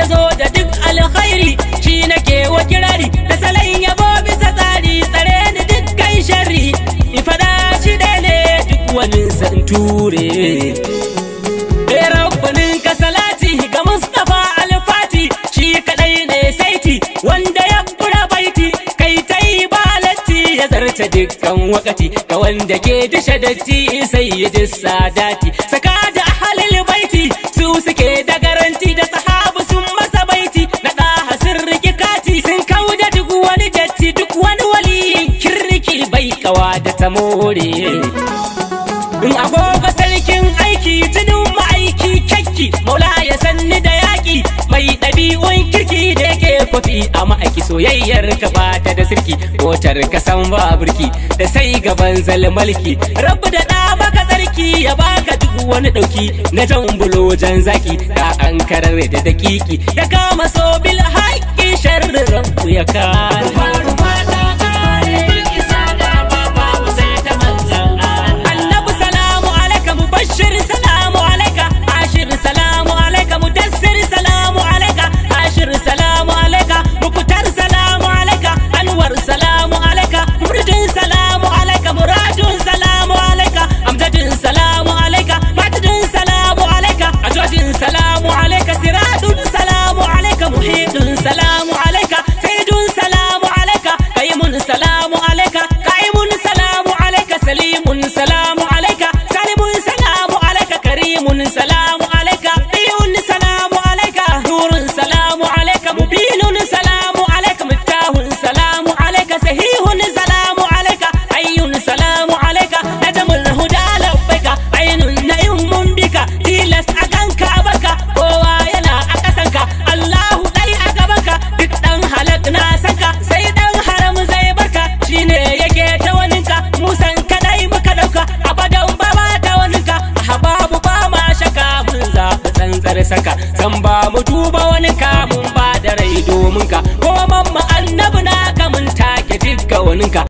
ya zo da duk alkhairi shi nake wa kirari da salon yabo bisa tsari tsare ni duk kai sharri shi ɗaya ne duk wani san ture rabbanin ka salati ga mustapha alfati shi kadai ne saiti wanda ya fura baiti kai ta yi balatti ya zarta dukkan wakati ga wanda ke dishe datti sai ya ji sadati saka wani wali kirki bai kawa da ta more in agogo sarkin aiki jinin ma'aiki kyakki maula ya sanni da yaƙi mai ɗabi'un kirki da yake kofi. a ma'aiki soyayyar ka bata da sirki motar ka san ba burki da sai gaban zalmalki rabu da ɗa baka sarki ya baka duk wani ɗauki na jan bulo jan zaki ka an karar da daƙiƙi. da kama so bil haƙƙi sharrin ya kare como saka zan ba mu duba wani kamun ba da rai domin ka ko mamma annabi na kamun take wani ka.